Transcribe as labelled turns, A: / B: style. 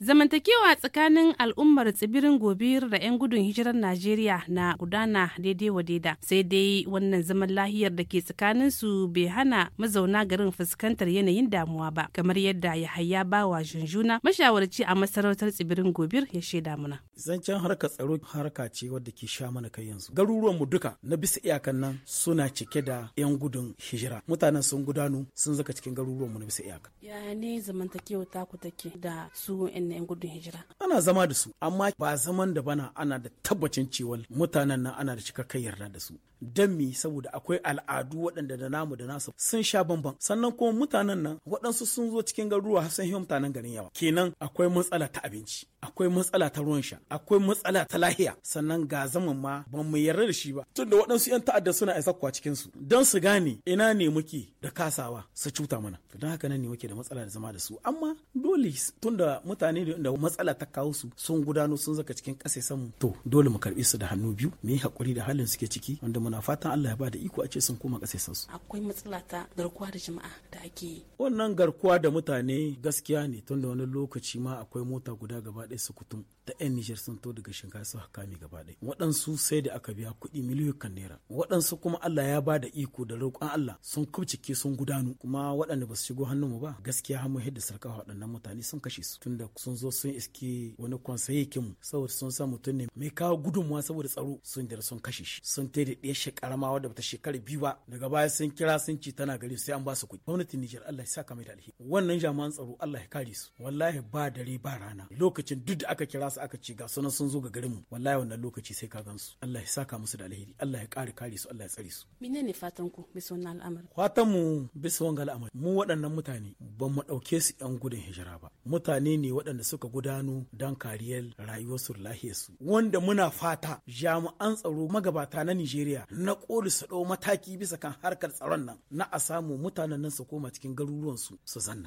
A: Zamantakewa tsakanin al'ummar tsibirin gobir da 'yan gudun hijirar Najeriya na gudana daidai wa daida sai dai wannan zaman lahiyar da ke tsakanin su bai hana mazauna garin fuskantar yanayin damuwa ba kamar yadda Yahaya Bawa Junjuna mashawarci a masarautar tsibirin gobir ya shaida mana.
B: Zancen harka tsaro harka ce wadda ke sha mana kai yanzu. Garuruwan mu duka na bisa iyakan nan suna cike da 'yan gudun hijira. Mutanen sun gudanu sun zaka cikin garuruwan mu na bisa iyaka.
C: Ya ne zamantakewa taku take da su 'yan na 'yan
A: gudun hijira.
B: Ana zama da su, amma ba zaman da bana ana da tabbacin cewa mutanen nan ana da cikakken yarda da su. Don mi saboda akwai al'adu waɗanda da namu da nasu sun sha bamban. Sannan kuma mutanen nan waɗansu sun zo cikin garuruwa sun yi mutanen garin yawa. Kenan akwai matsala ta abinci. akwai matsala ta ruwan sha akwai matsala ta lahiya sannan ga zaman ma ban mu yarda da shi ba tunda waɗansu 'yan ta'adda suna isa kwa cikin su don su gane ina ne muke da kasawa su cuta mana don haka nan ne muke da matsala da zama da su amma dole tunda mutane da matsala ta kawo su sun gudano sun zaka cikin ƙasa samu to dole mu karɓi su da hannu biyu mu yi hakuri da halin suke ciki wanda muna fatan Allah ya ba da iko a ce sun koma ƙasa su
C: akwai matsala ta garkuwa da
B: jama'a take. wannan garkuwa da mutane gaskiya ne tun da wani lokaci ma akwai mota guda gaba ɗaya su kutum ta yan nijar sun to daga shinkafa su hakami gaba ɗaya waɗansu sai da aka biya kuɗi miliyoyin naira waɗansu kuma Allah ya ba da iko da roƙon Allah sun kubcike sun gudanu kuma waɗanda ba su shigo hannunmu ba gaskiya har mu hidda sarka waɗannan mutane sun kashe su tunda sun zo sun iske wani kwansaye mu saboda sun sa mutum ne mai kawo gudunmuwa saboda tsaro sun da sun kashe shi sun tai da ɗaya shekarama wadda bata shekara biyu ba daga baya sun kira sun ci tana gari sai an ba su kuɗi gwamnatin Nijar Allah ya saka mai da alheri wannan jami'an tsaro Allah ya kare su wallahi ba dare ba rana lokacin duk da aka kira su aka ce ga sunan sun zo ga garin mu wallahi wannan lokaci sai ka gansu Allah ya saka musu da alheri Allah ya kare kare su Allah ya tsare su
C: ne fatan ku bisa wannan al'amari
B: fatan mu bisa wannan al'amari mu waɗannan mutane ba mu ɗauke su yan gudun hijira ba mutane ne waɗanda suka gudano don kariyar rayuwarsu da lahiyarsu wanda muna fata jami'an tsaro magabata na Nijeriya na ƙoli su ɗau mataki bisa kan harkar tsaron nan na a samu mutanen nan su ko koma cikin garuruwansu su zanna